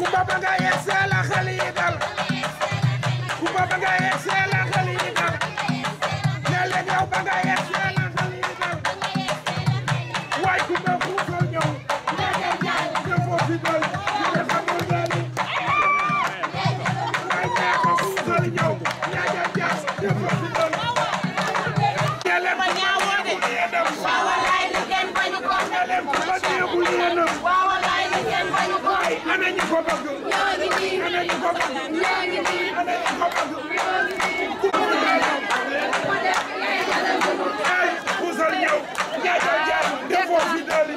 Kumba ba nga yeesee la xel yi dal Kumba ba nga yeesee la xel yi dal ne leen yow ba nga yeesee la xel yi dal waay Kumba fuusal ñëw nga ngay jaay nga foofu dal waay ana ñu ko bëgg ana ñu ko bëgg ana ñu ko bëgg ay puusal ñëw ñaajo jaar defoo fi dali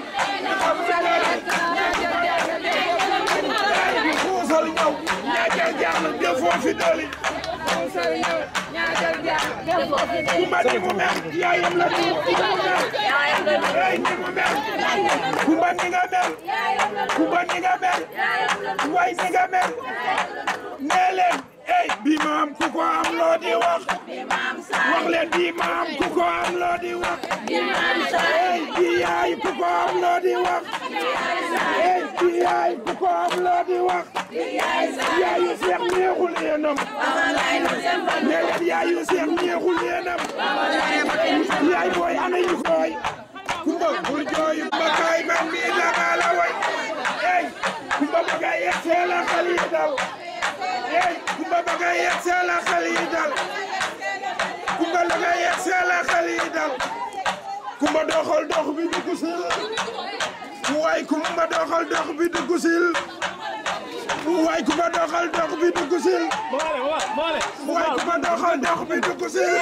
am fi dali puusal ñëw ñaajo jaar defoo fi dali puusal ñëw ñaajo jaar ku ma ni mu mel yaayam la ku ma ni nga mel ku ma ni nga mel way ni nga mel nee leen ey bi ma am ku ko am loo di wax wax leen bi ma am ku ko am loo di wax ey yaay ku ko am loo di wax. eh di yaay ku ko am loo di wax. yaayu seex neexul yéenam. ne leen yaayu seex neexul yéenam. yaay booy ana yu koy. kumba bul jooy ma kay man mii damaa la way. eh kumba ma kay yegg see la xel yi dal. eh kumba ma kay yegg see la xel yi dal. kumba ma kay yegg see la xel yi dal. kumba doxal dox bi dugg bi dugg sil waay kumba doxal dox bi bi dugg sil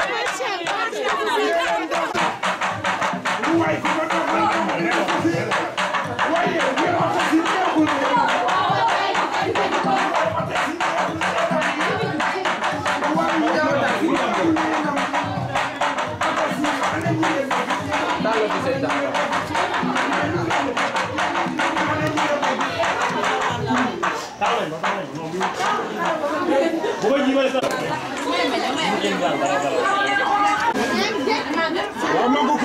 a Vamos